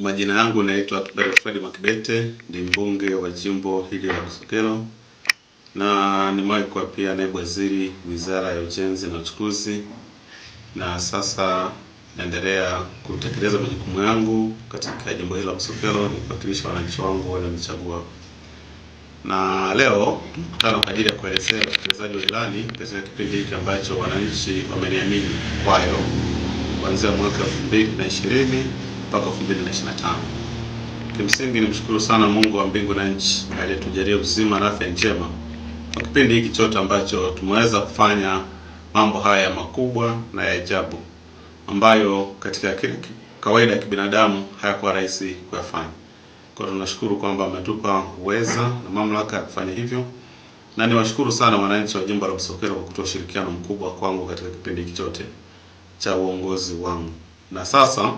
Majina yangu naitwa Fred Makibete, ni mbunge wa jimbo hili la Busokelo na nimewahi kuwa pia naibu waziri wizara ya ujenzi na uchukuzi, na sasa naendelea kutekeleza majukumu yangu katika jimbo hili la Busokelo nikiwakilisha wananchi wangu walionichagua. Na leo tunakutana kwa ajili ya kuelezea utekelezaji wa ilani katika kipindi hiki ambacho wananchi wameniamini kwayo kuanzia mwaka 2020 mpaka 2025. Kimsingi nimshukuru sana Mungu wa mbingu na nchi aliyetujalia uzima na afya njema kwa kipindi hiki chote ambacho tumeweza kufanya mambo haya makubwa na ya ajabu ambayo katika kawaida ya kibinadamu hayakuwa rahisi kuyafanya. Kwa hiyo tunashukuru kwamba ametupa uweza na mamlaka ya kufanya hivyo, na niwashukuru sana wananchi wa jimbo la Busokelo kwa kutoa ushirikiano mkubwa kwangu katika kipindi hiki chote cha uongozi wangu na sasa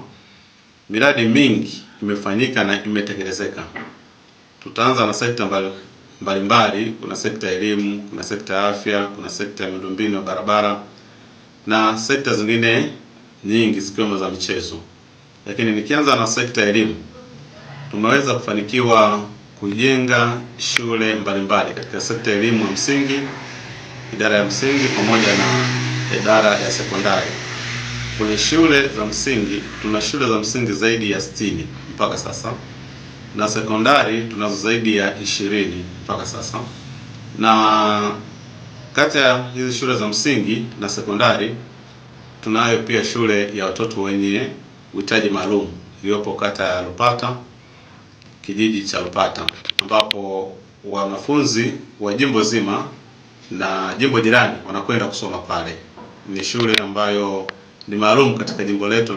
Miradi mingi imefanyika na imetekelezeka. Tutaanza na sekta mbalimbali mbali, kuna sekta ya elimu, kuna sekta ya afya, kuna sekta ya miundombinu ya barabara na sekta zingine nyingi zikiwemo za michezo. Lakini nikianza na sekta ya elimu, tumeweza kufanikiwa kujenga shule mbalimbali katika sekta ya elimu ya msingi, idara ya msingi pamoja na idara ya sekondari kwenye shule za msingi tuna shule za msingi zaidi ya 60 mpaka sasa na sekondari tunazo zaidi ya 20 mpaka sasa, na kati ya hizi shule za msingi na sekondari tunayo pia shule ya watoto wenye uhitaji maalum iliyopo kata ya Lupata, kijiji cha Lupata, ambapo wanafunzi wa jimbo zima na jimbo jirani wanakwenda kusoma pale. Ni shule ambayo ni maalum katika jimbo letu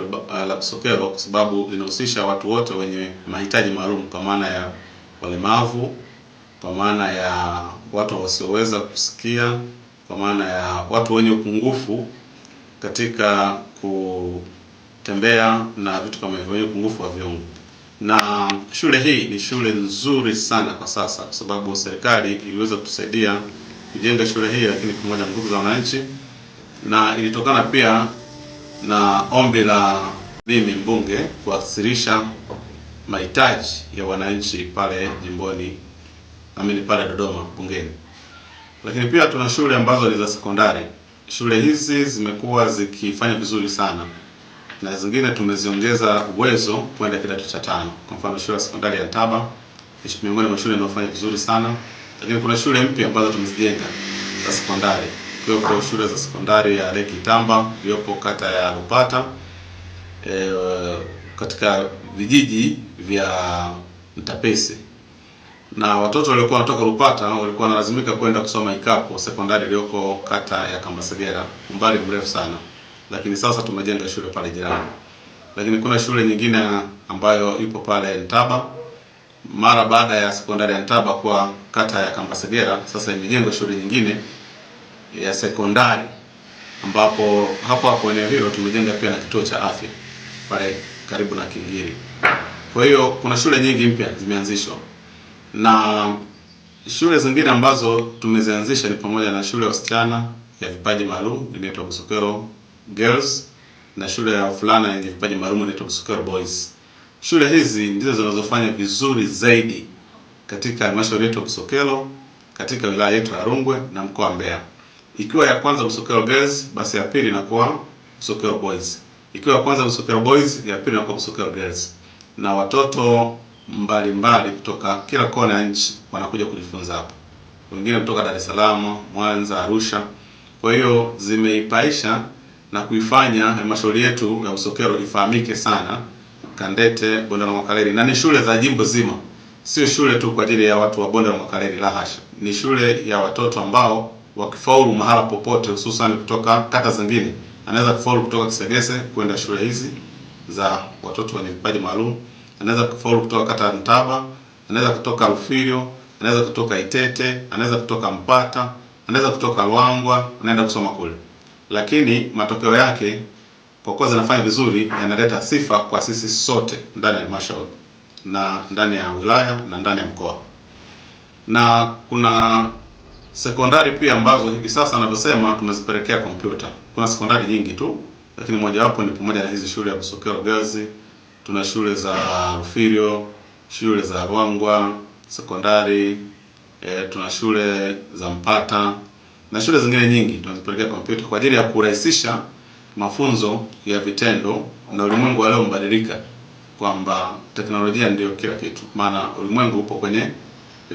la Kisokero kwa sababu linahusisha watu wote wenye mahitaji maalum, kwa maana ya walemavu, kwa maana ya watu wasioweza kusikia, kwa maana ya watu wenye upungufu katika kutembea na vitu kama hivyo, wenye upungufu wa viungo. Na shule hii ni shule nzuri sana kwa sasa, kwa sababu serikali iliweza kutusaidia kujenga shule hii, lakini pamoja na nguvu za wananchi, na ilitokana pia na ombi la mimi mbunge kuwasilisha mahitaji ya wananchi pale jimboni amini pale Dodoma bungeni. Lakini pia tuna shule ambazo ni za sekondari. Shule hizi zimekuwa zikifanya vizuri sana na zingine tumeziongeza uwezo kwenda kidato cha tano. Kwa mfano shule ya sekondari ya Taba miongoni mwa shule inayofanya vizuri sana, lakini kuna shule mpya ambazo tumezijenga za sekondari ikiwepo shule za sekondari ya Lake Itamba iliyopo kata ya Lupata e, katika vijiji vya Mtapese na watoto waliokuwa wanatoka Lupata walikuwa wanalazimika kwenda kusoma Ikapo sekondari iliyoko kata ya Kambasagera, umbali mrefu sana, lakini sasa tumejenga shule pale jirani. Lakini kuna shule nyingine ambayo ipo pale Ntaba. Mara baada ya sekondari ya Ntaba kwa kata ya Kambasagera, sasa imejengwa shule nyingine ya sekondari, ambapo hapo hapo eneo hilo tumejenga pia na kituo cha afya pale karibu na Kingiri. Kwa hiyo kuna shule nyingi mpya zimeanzishwa na shule zingine ambazo tumezianzisha ni pamoja na shule ya wasichana ya vipaji maalum inaitwa Busokero Girls na shule ya fulana yenye vipaji maalum inaitwa Busokero Boys. Shule hizi ndizo zinazofanya vizuri zaidi katika halmashauri yetu ya Busokero, katika wilaya yetu ya Rungwe na mkoa wa Mbeya. Ikiwa ya kwanza Busokelo Girls, basi ya pili inakuwa Busokelo Boys. Ikiwa ya kwanza Busokelo Boys, ya pili inakuwa Busokelo Girls, na watoto mbalimbali mbali kutoka kila kona ya nchi wanakuja kujifunza hapa, wengine kutoka Dar es Salaam, Mwanza, Arusha. Kwa hiyo zimeipaisha na kuifanya halmashauri yetu ya Busokelo ifahamike sana Kandete, Bonde la Mwakaleli, na ni shule za jimbo zima, sio shule tu kwa ajili ya watu wa Bonde la Mwakaleli, la hasha, ni shule ya watoto ambao wakifaulu mahala popote, hususan kutoka kata zingine, anaweza kufaulu kutoka Kisegese kwenda shule hizi za watoto wenye vipaji maalum, anaweza kufaulu kutoka kata Ntaba, anaweza kutoka Rufirio, anaweza kutoka Itete, anaweza kutoka Mpata, anaweza kutoka Lwangwa, anaenda kusoma kule, lakini matokeo yake kwa kuwa zinafanya vizuri yanaleta sifa kwa sisi sote ndani ya halmashauri na ndani ya wilaya na ndani ya mkoa na kuna sekondari pia ambazo hivi sasa anavyosema tunazipelekea kompyuta. Kuna sekondari nyingi tu, lakini mojawapo ni pamoja na hizi shule ya Busokero Girls, tuna shule za Rufirio, shule za Rwangwa sekondari e, tuna shule za Mpata na shule zingine nyingi tunazipelekea kompyuta kwa ajili ya kurahisisha mafunzo ya vitendo na ulimwengu leo mbadilika, kwamba teknolojia ndiyo kila kitu, maana ulimwengu upo kwenye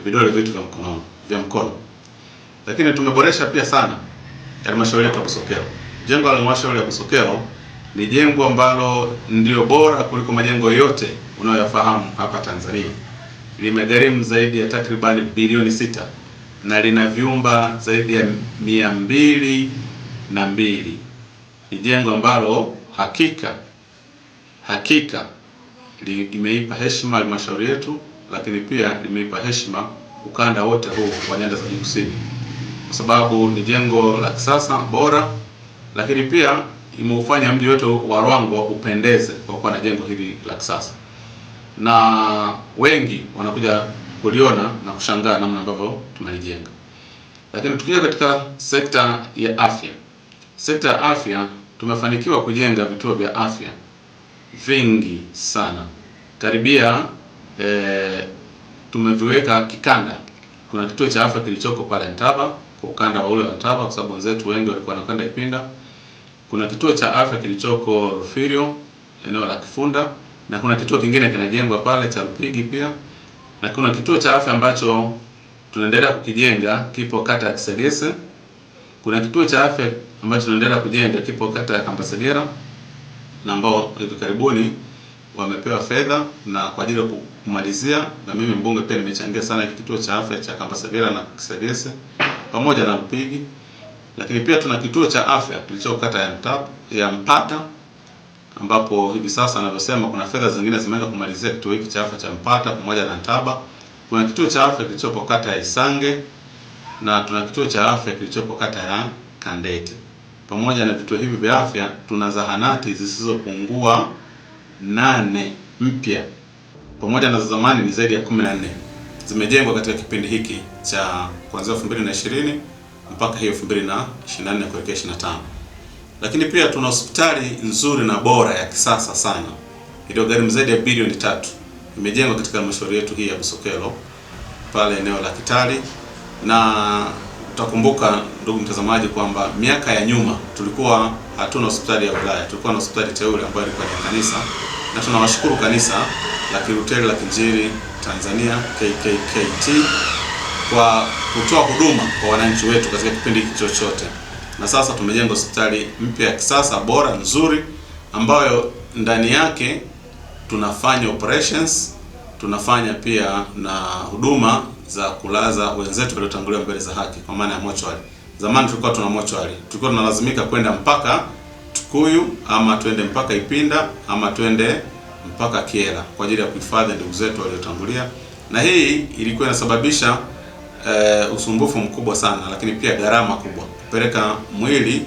vidole vitu vya mkono vya mkono lakini tumeboresha pia sana halmashauri yetu ya Busokelo. Jengo la halmashauri ya Busokelo ni jengo ambalo ndio bora kuliko majengo yote unayoyafahamu hapa Tanzania. Limegharimu zaidi ya takribani bilioni sita na lina vyumba zaidi ya mia mbili na mbili. Ni jengo ambalo hakika hakika limeipa heshima halmashauri yetu, lakini pia limeipa heshima ukanda wote huu wa nyanda za juu kusini kwa sababu ni jengo la kisasa bora, lakini pia imeufanya mji wetu wa Ruangwa upendeze kwa kuwa na jengo hili la kisasa, na wengi wanakuja kuliona na kushangaa namna ambavyo tunalijenga. Lakini tukija katika sekta ya afya, sekta ya afya tumefanikiwa kujenga vituo vya afya vingi sana, karibia e, tumeviweka kikanda. Kuna kituo cha afya kilichoko pale Ntaba kwa ukanda ule wa Taba kwa sababu wenzetu wengi walikuwa wanakwenda Ipinda. Kuna kituo cha afya kilichoko Rufirio eneo la Kifunda na kuna kituo kingine kinajengwa pale cha Rupigi pia, na kuna kituo cha afya ambacho tunaendelea kukijenga kipo kata ya Kisegese. Kuna kituo cha afya ambacho tunaendelea kujenga kipo kata ya Kambasegera na ambao hivi karibuni wamepewa fedha na kwa ajili ya kumalizia, na mimi mbunge pia nimechangia sana kituo cha afya cha Kambasegera na Kisegese pamoja na Mpigi, lakini pia tuna kituo cha afya kilicho kata ya Mtapa ya Mpata ambapo hivi sasa anavyosema kuna fedha zingine zimeenda kumalizia kituo hiki cha afya cha Mpata pamoja na Ntaba. Kuna kituo cha afya kilichopo kata ya Isange na tuna kituo cha afya kilichopo kata ya Kandete. Pamoja na vituo hivi vya afya tuna zahanati zisizopungua nane mpya pamoja na zamani ni zaidi ya kumi na nne zimejengwa katika kipindi hiki cha kuanzia 2020 mpaka hiyo 2024 kuelekea 25. Lakini pia tuna hospitali nzuri na bora ya kisasa sana iliyogharimu zaidi ya bilioni tatu imejengwa katika halmashauri yetu hii ya Busokelo pale eneo la Kitali, na utakumbuka ndugu mtazamaji kwamba miaka ya nyuma tulikuwa hatuna hospitali ya wilaya, tulikuwa na hospitali teule ambayo ilikuwa ni kanisa, na tunawashukuru kanisa la Kilutheri la Kinjili Tanzania KKKT kwa kutoa huduma kwa wananchi wetu katika kipindi hiki chochote, na sasa tumejenga hospitali mpya ya kisasa bora nzuri, ambayo ndani yake tunafanya operations, tunafanya pia na huduma za kulaza wenzetu waliotangulia mbele za haki, kwa maana ya mochwari. Zamani tulikuwa tuna mochwari, tulikuwa tunalazimika kwenda mpaka Tukuyu ama tuende mpaka Ipinda ama tuende mpaka Kyela kwa ajili ya kuhifadhi ndugu zetu waliotangulia, na hii ilikuwa inasababisha e, usumbufu mkubwa sana, lakini pia gharama kubwa kupeleka mwili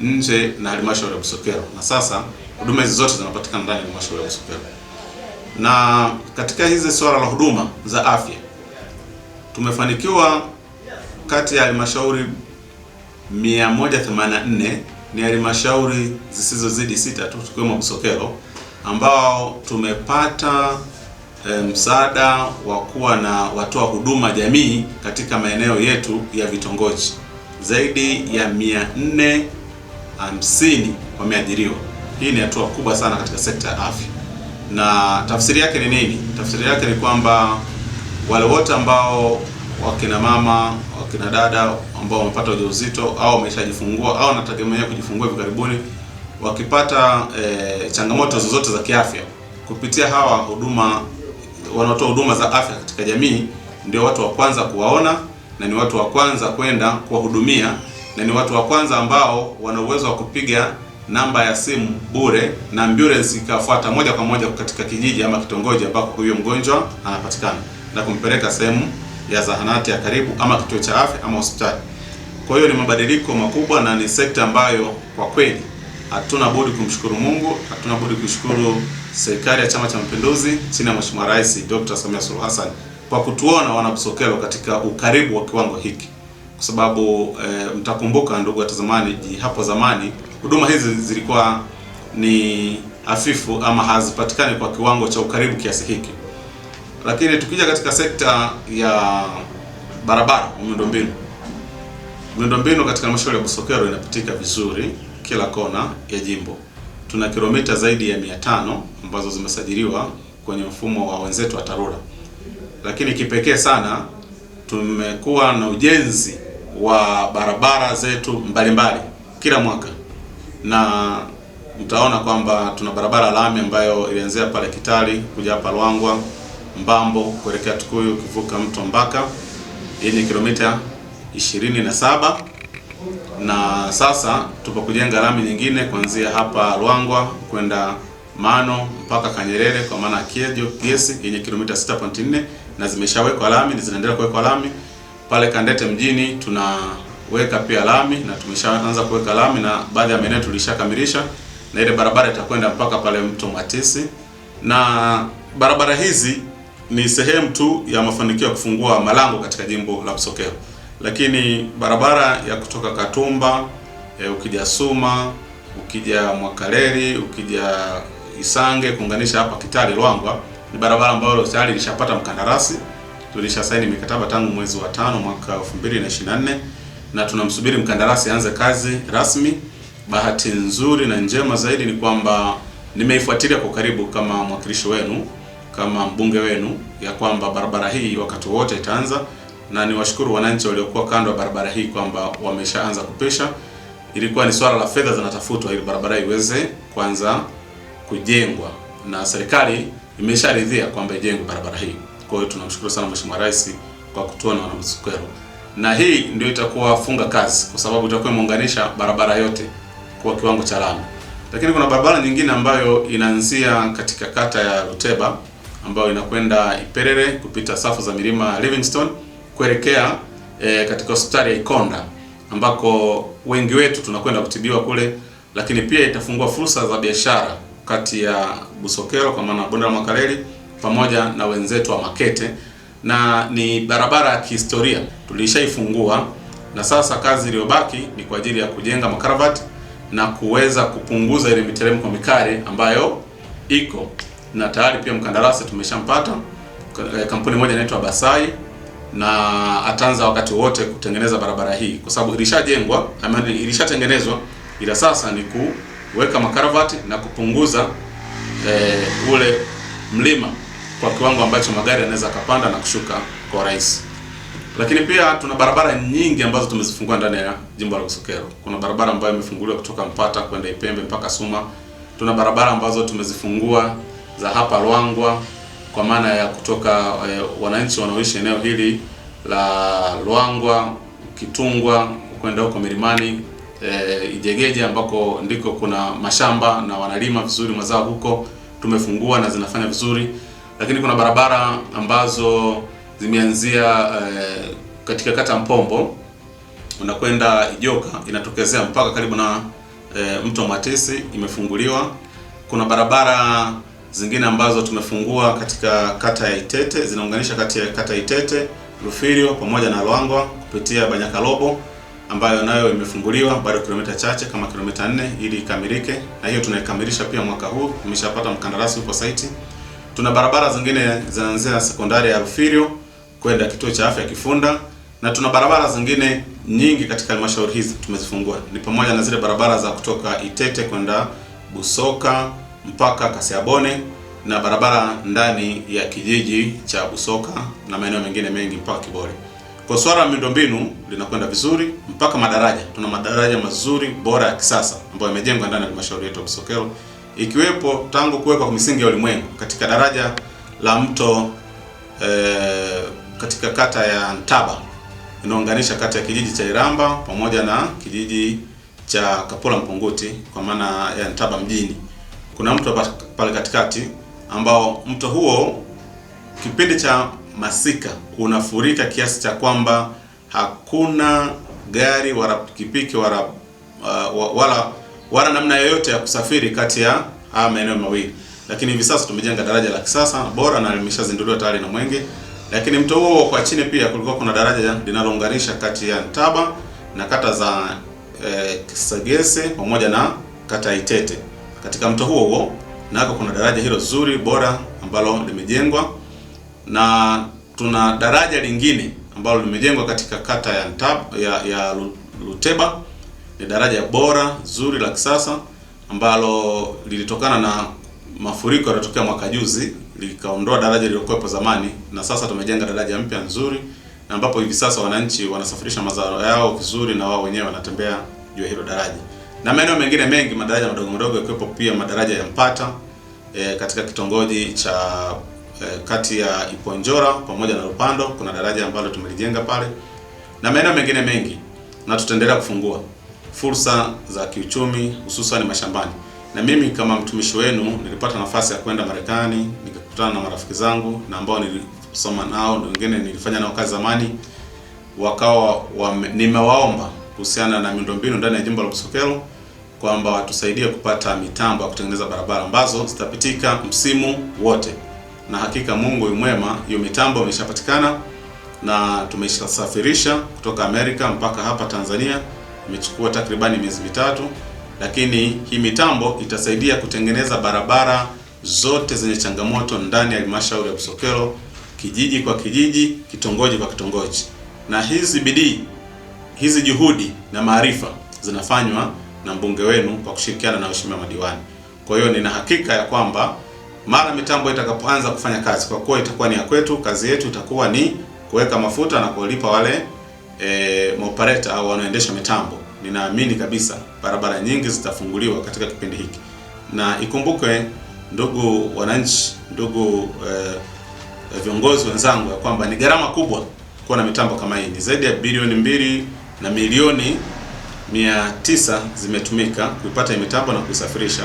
nje na halmashauri ya Busokelo, na sasa huduma hizi zote zinapatikana ndani ya halmashauri ya Busokelo. Na katika hizi swala la huduma za afya tumefanikiwa kati ya halmashauri 184 ni halmashauri zisizozidi sita tu tukiwemo Busokelo ambao tumepata eh, msaada wa kuwa na watoa huduma jamii katika maeneo yetu ya vitongoji. Zaidi ya 450 wameajiriwa. Hii ni hatua kubwa sana katika sekta ya afya. Na tafsiri yake ni nini? Tafsiri yake ni kwamba wale wote ambao wakina mama, wakina dada ambao wamepata ujauzito au wameshajifungua au wanategemea kujifungua hivi karibuni wakipata e, changamoto zozote za kiafya kupitia hawa huduma wanaotoa huduma za afya katika jamii, ndio watu wa kwanza kuwaona na ni watu wa kwanza kwenda kuwahudumia na ni watu wa kwanza ambao wana uwezo wa kupiga namba ya simu bure na ambulance ikafuata moja kwa moja katika kijiji ama kitongoji ambako huyo mgonjwa anapatikana na kumpeleka sehemu ya zahanati ya karibu ama kituo cha afya ama hospitali. Kwa hiyo ni mabadiliko makubwa na ni sekta ambayo kwa kweli hatuna budi kumshukuru Mungu, hatuna budi kushukuru serikali ya Chama cha Mapinduzi chini ya Mheshimiwa Rais Dr. Samia Suluhu Hassan kwa kutuona wanabusokelwa katika ukaribu wa kiwango hiki, kwa sababu e, mtakumbuka ndugu watazamaji, hapo zamani huduma hizi zilikuwa ni hafifu ama hazipatikani kwa kiwango cha ukaribu kiasi hiki. Lakini tukija katika sekta ya barabara, miundombinu, miundombinu katika halmashauri ya Busokelo inapitika vizuri kila kona ya jimbo. Tuna kilomita zaidi ya mia tano ambazo zimesajiliwa kwenye mfumo wa wenzetu wa TARURA, lakini kipekee sana tumekuwa na ujenzi wa barabara zetu mbalimbali kila mwaka, na mtaona kwamba tuna barabara lami ambayo ilianzia pale Kitali kuja hapa Lwangwa, Mbambo kuelekea Tukuyu, ukivuka mto Mbaka. yenye ni kilomita 27 na sasa tupo kujenga lami nyingine kuanzia hapa Ruangwa kwenda Mano mpaka Kanyerere kwa maana Kiejo gesi yenye kilomita 6.4 na zimeshawekwa lami na zinaendelea kuwekwa lami. Pale Kandete mjini tunaweka pia lami na tumeshaanza kuweka lami na baadhi ya maeneo tulishakamilisha, na ile barabara itakwenda mpaka pale mto Mwatisi. Na barabara hizi ni sehemu tu ya mafanikio ya kufungua malango katika jimbo la Busokelo lakini barabara ya kutoka Katumba e, ukija Suma ukija mwakaleri ukija Isange kuunganisha hapa Kitale Ruangwa ni barabara ambayo tayari ilishapata mkandarasi. Tulishasaini mikataba tangu mwezi wa tano mwaka 2024 na tunamsubiri mkandarasi aanze kazi rasmi. Bahati nzuri na njema zaidi ni kwamba nimeifuatilia kwa karibu kama mwakilishi wenu, kama mbunge wenu, ya kwamba barabara hii wakati wote itaanza na niwashukuru wananchi waliokuwa kando ya barabara hii kwamba wameshaanza kupesha. Ilikuwa ni swala la fedha zinatafutwa ili barabara iweze kwanza kujengwa, na serikali imesharidhia kwamba ijengwe barabara hii. Kwa hiyo tunamshukuru sana Mheshimiwa Rais kwa kutuona na Wanamswekero, na hii ndio itakuwa funga kazi, kwa sababu itakuwa imeunganisha barabara yote kwa kiwango cha lami. Lakini kuna barabara nyingine ambayo inaanzia katika kata ya Luteba ambayo inakwenda Iperere kupita safu za milima Livingstone kuelekea e, katika hospitali ya Ikonda ambako wengi wetu tunakwenda kutibiwa kule, lakini pia itafungua fursa za biashara kati ya Busokelo kwa maana bonde la Makareli pamoja na wenzetu wa Makete, na ni barabara ya kihistoria tulishaifungua, na sasa kazi iliyobaki ni kwa ajili ya kujenga makaravati na kuweza kupunguza ile miteremko mikali ambayo iko, na tayari pia mkandarasi tumeshampata, eh, kampuni moja inaitwa Basai na ataanza wakati wote kutengeneza barabara hii kwa sababu ilishajengwa ama ilishatengenezwa, ila sasa ni kuweka makaravati na kupunguza e, ule mlima kwa kiwango ambacho magari yanaweza kapanda na kushuka kwa urahisi. Lakini pia tuna barabara nyingi ambazo tumezifungua ndani ya jimbo la Busokero. Kuna barabara ambayo imefunguliwa kutoka Mpata kwenda Ipembe mpaka Suma. Tuna barabara ambazo tumezifungua za hapa Lwangwa kwa maana ya kutoka e, wananchi wanaoishi eneo hili la lwangwa Kitungwa kwenda huko milimani e, Ijegeje ambako ndiko kuna mashamba na wanalima vizuri mazao huko, tumefungua na zinafanya vizuri, lakini kuna barabara ambazo zimeanzia e, katika kata Mpombo unakwenda Ijoka inatokezea mpaka karibu na e, mto matisi imefunguliwa. Kuna barabara zingine ambazo tumefungua katika kata ya Itete zinaunganisha kati ya kata Itete, Rufirio pamoja na Lwangwa kupitia Banyakalobo ambayo nayo imefunguliwa bado kilomita chache kama kilomita nne ili ikamilike, na hiyo tunaikamilisha pia mwaka huu, imeshapata mkandarasi, huko saiti. Tuna barabara zingine zinaanzia sekondari ya Rufirio kwenda kituo cha afya Kifunda, na tuna barabara zingine nyingi katika halmashauri hizi tumezifungua, ni pamoja na zile barabara za kutoka Itete kwenda Busoka mpaka Kasiabone na barabara ndani ya kijiji cha Busoka na maeneo mengine mengi mpaka Kibole. Kwa swala la miundombinu linakwenda vizuri, mpaka madaraja. Tuna madaraja mazuri bora ya kisasa ambayo yamejengwa ndani ya halmashauri yetu ya Busokelo, ikiwepo tangu kuwekwa kwa misingi ya ulimwengu katika daraja la mto e, katika kata ya Ntaba inaunganisha kata ya kijiji cha Iramba pamoja na kijiji cha Kapula Mpunguti kwa maana ya Ntaba mjini kuna mto pale katikati ambao mto huo kipindi cha masika unafurika kiasi cha kwamba hakuna gari wala pikipiki wala uh, wala wala namna yoyote ya kusafiri kati ya haya maeneo mawili, lakini hivi sasa tumejenga daraja la kisasa bora na limeshazinduliwa tayari na Mwenge. Lakini mto huo kwa chini pia kulikuwa kuna daraja linalounganisha kati ya Ntaba na kata za eh, Kisegese pamoja na kata Itete katika mto huo huo nako kuna daraja hilo zuri bora ambalo limejengwa, na tuna daraja lingine ambalo limejengwa katika kata ya Ntab, ya, ya Luteba. Ni daraja bora zuri la kisasa ambalo lilitokana na mafuriko yaliyotokea mwaka juzi, likaondoa daraja lililokuwepo zamani, na sasa tumejenga daraja mpya nzuri, na ambapo hivi sasa wananchi wanasafirisha mazao yao vizuri, na wao wenyewe wanatembea juu ya hilo daraja na maeneo mengine mengi, madaraja madogo madogo, yakiwepo pia madaraja ya Mpata e, katika kitongoji cha e, kati ya Iponjora pamoja na Rupando kuna daraja ambalo tumelijenga pale na maeneo mengine mengi, na tutaendelea kufungua fursa za kiuchumi hususan mashambani. Na mimi kama mtumishi wenu nilipata nafasi ya kwenda Marekani nikakutana na marafiki zangu na ambao nilisoma nao na wengine nilifanya nao kazi zamani, wakawa nimewaomba kuhusiana na miundombinu ndani ya jimbo la Busokelo kwamba watusaidie kupata mitambo ya kutengeneza barabara ambazo zitapitika msimu wote, na hakika Mungu yu mwema, hiyo mitambo imeshapatikana na tumeshasafirisha kutoka Amerika mpaka hapa Tanzania, imechukua takribani miezi mitatu, lakini hii mitambo itasaidia kutengeneza barabara zote zenye changamoto ndani ya halmashauri ya Busokelo, kijiji kwa kijiji, kitongoji kwa kitongoji. Na hizi bidii hizi juhudi na maarifa zinafanywa na mbunge wenu kwa kushirikiana na waheshimiwa madiwani. Kwa hiyo nina hakika ya kwamba mara mitambo itakapoanza kufanya kazi, kwa kuwa itakuwa ni ya kwetu, kazi yetu itakuwa ni kuweka mafuta na kuwalipa wale e, maopareta au wanaoendesha mitambo. Ninaamini kabisa barabara nyingi zitafunguliwa katika kipindi hiki, na ikumbukwe ndugu wananchi, ndugu e, viongozi wenzangu, ya kwamba ni gharama kubwa kuwa na mitambo kama hii, ni zaidi ya bilioni mbili na milioni mia tisa zimetumika kuipata mitambo na kuisafirisha,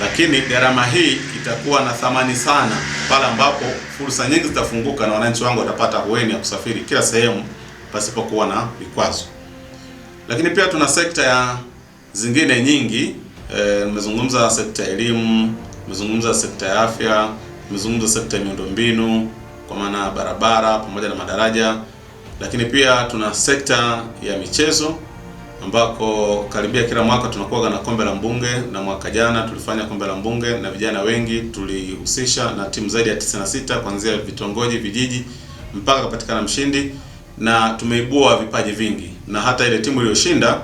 lakini gharama hii itakuwa na thamani sana pale ambapo fursa nyingi zitafunguka na wananchi wangu watapata ahueni ya kusafiri kila sehemu pasipokuwa na vikwazo. Lakini pia tuna sekta ya zingine nyingi. Eh, nimezungumza e, sekta ya elimu, nimezungumza sekta ya afya, nimezungumza sekta ya miundombinu kwa maana barabara pamoja na madaraja, lakini pia tuna sekta ya michezo ambako karibia kila mwaka tunakuwa na kombe la mbunge, na mwaka jana tulifanya kombe la mbunge na vijana wengi tulihusisha, na timu zaidi ya 96 kuanzia vitongoji, vijiji mpaka kupatikana mshindi, na tumeibua vipaji vingi, na hata ile timu iliyoshinda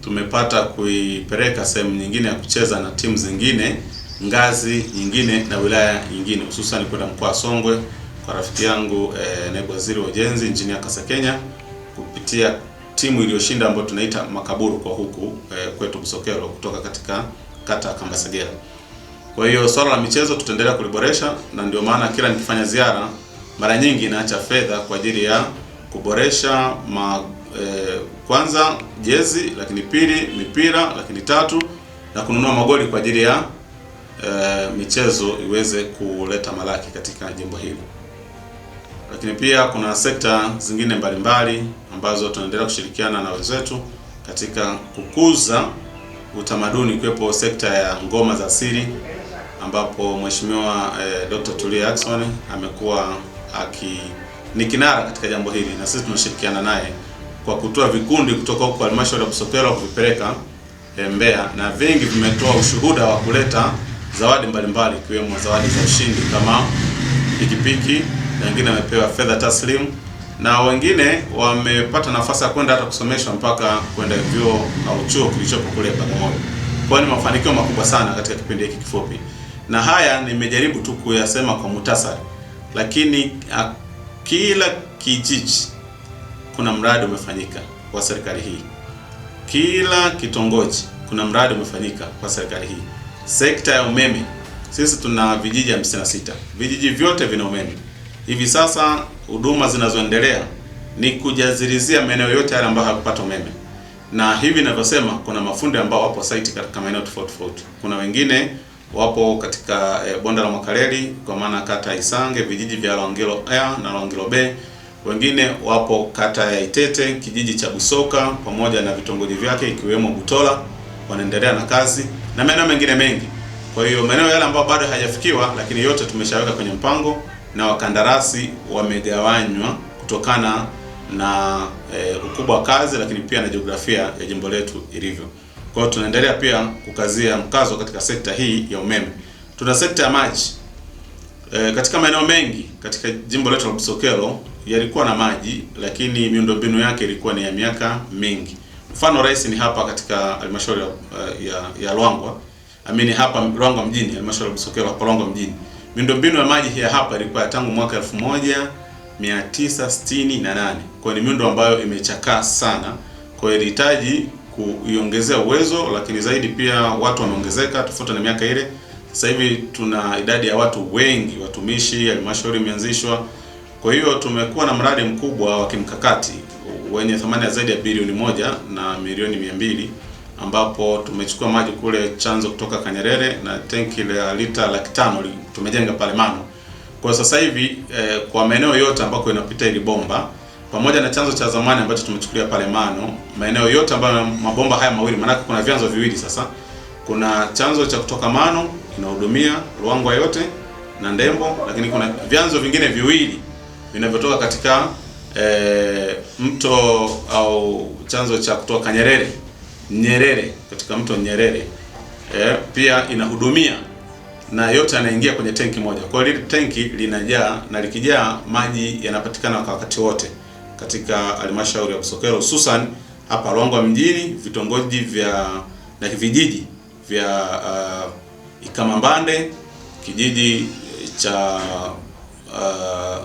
tumepata kuipeleka sehemu nyingine ya kucheza na timu zingine ngazi nyingine na wilaya nyingine, hususan kwenda mkoa wa Songwe kwa rafiki yangu eh, naibu waziri wa ujenzi injinia kenya kupitia timu iliyoshinda ambayo tunaita makaburu kwa huku eh, kwetu Busokelo kutoka katika kata Kambasegera. Kwa hiyo swala la michezo tutaendelea kuliboresha na ndio maana kila nikifanya ziara mara nyingi inaacha fedha kwa ajili ya kuboresha ma, eh, kwanza jezi, lakini pili mipira, lakini tatu na kununua magoli kwa ajili ya eh, michezo iweze kuleta malaki katika jimbo hili lakini pia kuna sekta zingine mbalimbali mbali, ambazo tunaendelea kushirikiana na wenzetu katika kukuza utamaduni ikiwepo sekta ya ngoma za asili ambapo Mheshimiwa eh, Dr. Tulia Ackson amekuwa aki ni kinara katika jambo hili na sisi tunashirikiana naye kwa kutoa vikundi kutoka huko halmashauri ya Busokelo kuvipeleka eh, Mbeya na vingi vimetoa ushuhuda wa kuleta zawadi mbalimbali ikiwemo zawadi za ushindi kama pikipiki na wengine wamepewa fedha taslimu na wengine wamepata nafasi ya kwenda hata kusomeshwa mpaka kwenda vyuo au chuo kilichopo kule Bagamoyo. Kwa ni mafanikio makubwa sana katika kipindi hiki kifupi, na haya nimejaribu tu kuyasema kwa muhtasari, lakini a, ah, kila kijiji kuna mradi umefanyika kwa serikali hii, kila kitongoji kuna mradi umefanyika kwa serikali hii. Sekta ya umeme, sisi tuna vijiji 56 vijiji vyote vina umeme. Hivi sasa huduma zinazoendelea ni kujazilizia maeneo yote yale ambayo hakupata umeme, na hivi ninavyosema, kuna mafundi ambao wapo site katika maeneo tofauti tofauti. Kuna wengine wapo katika e, bonde la Mwakaleli kwa maana kata ya Isange, vijiji vya Lwangilo A na Lwangilo B, wengine wapo kata ya Itete, kijiji cha Busoka pamoja na vitongoji vyake ikiwemo Butola, wanaendelea na kazi na maeneo mengine mengi. Kwa hiyo maeneo yale ambayo bado hayajafikiwa, lakini yote tumeshaweka kwenye mpango na wakandarasi wamegawanywa kutokana na e, ukubwa wa kazi, lakini pia na jiografia ya jimbo letu ilivyo. Kwa hiyo tunaendelea pia kukazia mkazo katika sekta hii ya umeme. Tuna sekta ya maji e, katika maeneo mengi katika jimbo letu la Busokelo yalikuwa na maji, lakini miundombinu yake ilikuwa ni ya miaka mingi. Mfano rais ni hapa katika halmashauri ya, eh, ya, ya Ruangwa amini hapa Ruangwa mjini, halmashauri ya Busokelo hapa Ruangwa mjini Miundombinu ya maji ya hapa ilikuwa tangu mwaka 1968. Kwa ni miundo ambayo imechakaa sana, kwa ilihitaji kuiongezea uwezo, lakini zaidi pia watu wameongezeka tofauti na miaka ile. Sasa hivi tuna idadi ya watu wengi, watumishi, halmashauri imeanzishwa. Kwa hiyo tumekuwa na mradi mkubwa wa kimkakati wenye thamani ya zaidi ya bilioni moja na milioni mia mbili ambapo tumechukua maji kule chanzo kutoka Kanyerere na tenki la lita laki tano tumejenga pale Mano. Kwa sasa hivi eh, kwa maeneo yote ambako inapita ile bomba pamoja na chanzo cha zamani ambacho tumechukulia pale Mano, maeneo yote ambayo mabomba haya mawili, maanake kuna vyanzo viwili sasa. Kuna chanzo cha kutoka Mano kinahudumia Ruangwa yote na Ndembo, lakini kuna vyanzo vingine viwili vinavyotoka katika eh, mto au chanzo cha kutoka Kanyerere Nyerere katika mto Nyerere e, pia inahudumia na yote yanaingia kwenye tenki moja. Kwa hiyo tenki linajaa na likijaa maji yanapatikana kwa wakati wote katika halmashauri ya Busokelo hususan hapa Ruangwa mjini, vitongoji vya na vijiji vya uh, Ikamambande, kijiji eh, cha uh,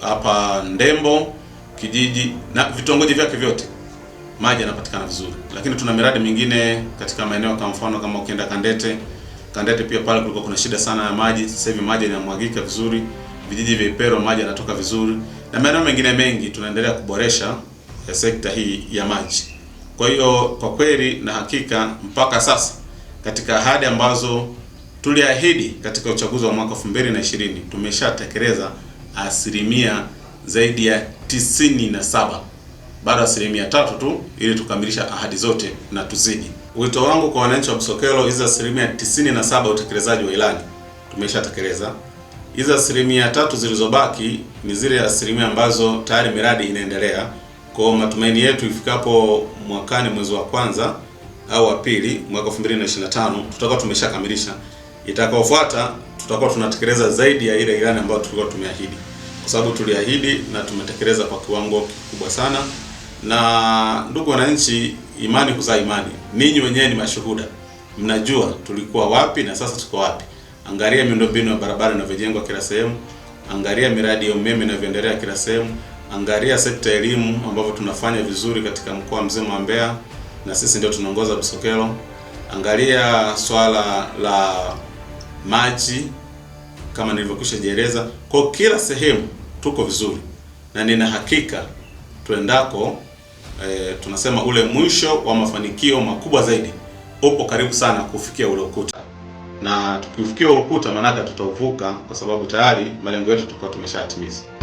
hapa Ndembo, kijiji na vitongoji vyake vyote maji yanapatikana vizuri, lakini tuna miradi mingine katika maeneo kama mfano kama ukienda Kandete, Kandete pia pale kulikuwa kuna shida sana ya maji. Sasa hivi maji yanamwagika vizuri, vijiji vya Ipero maji yanatoka vizuri, na maeneo mengine mengi tunaendelea kuboresha ya eh, sekta hii ya maji. Kwa hiyo kwa kweli na hakika mpaka sasa katika ahadi ambazo tuliahidi katika uchaguzi wa mwaka 2020 tumeshatekeleza asilimia zaidi ya 97 bado asilimia tatu tu ili tukamilisha ahadi zote na tuzidi. Wito wangu kwa wananchi wa Busokelo, hizo asilimia tisini na saba utekelezaji wa ilani tumeshatekeleza. Hizo asilimia tatu zilizobaki ni zile asilimia ambazo tayari miradi inaendelea. Kwa matumaini yetu ifikapo mwakani mwezi wa kwanza au wa pili mwaka 2025 tutakuwa tumeshakamilisha. Itakaofuata tutakuwa tunatekeleza zaidi ya ile ilani ambayo tulikuwa tumeahidi, kwa sababu tuliahidi na tumetekeleza kwa kiwango kikubwa sana. Na ndugu wananchi, imani kuzaa imani. Ninyi wenyewe ni mashuhuda, mnajua tulikuwa wapi na sasa tuko wapi. Angalia miundombinu ya barabara inavyojengwa kila sehemu, angalia miradi ya umeme inavyoendelea kila sehemu, angalia sekta ya elimu ambavyo tunafanya vizuri katika mkoa mzima wa Mbeya na sisi ndio tunaongoza Busokelo. Angalia swala la maji kama nilivyokwisha jieleza, kwa kila sehemu tuko vizuri, na nina hakika tuendako e, tunasema ule mwisho wa mafanikio makubwa zaidi upo karibu sana kufikia ule ukuta, na tukifikia ukuta maanake tutavuka kwa sababu tayari malengo yetu tulikuwa tumeshatimiza.